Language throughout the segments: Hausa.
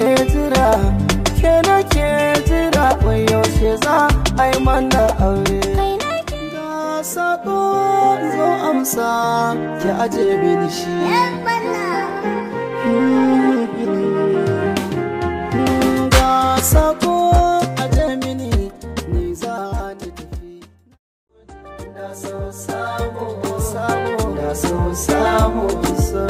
nake jira ke nake jira wai yaushe za a yi mana aure ga sako zo amsa ki aje mini shi So, so, aje da so so so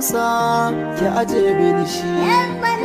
amsa ki aje mini shi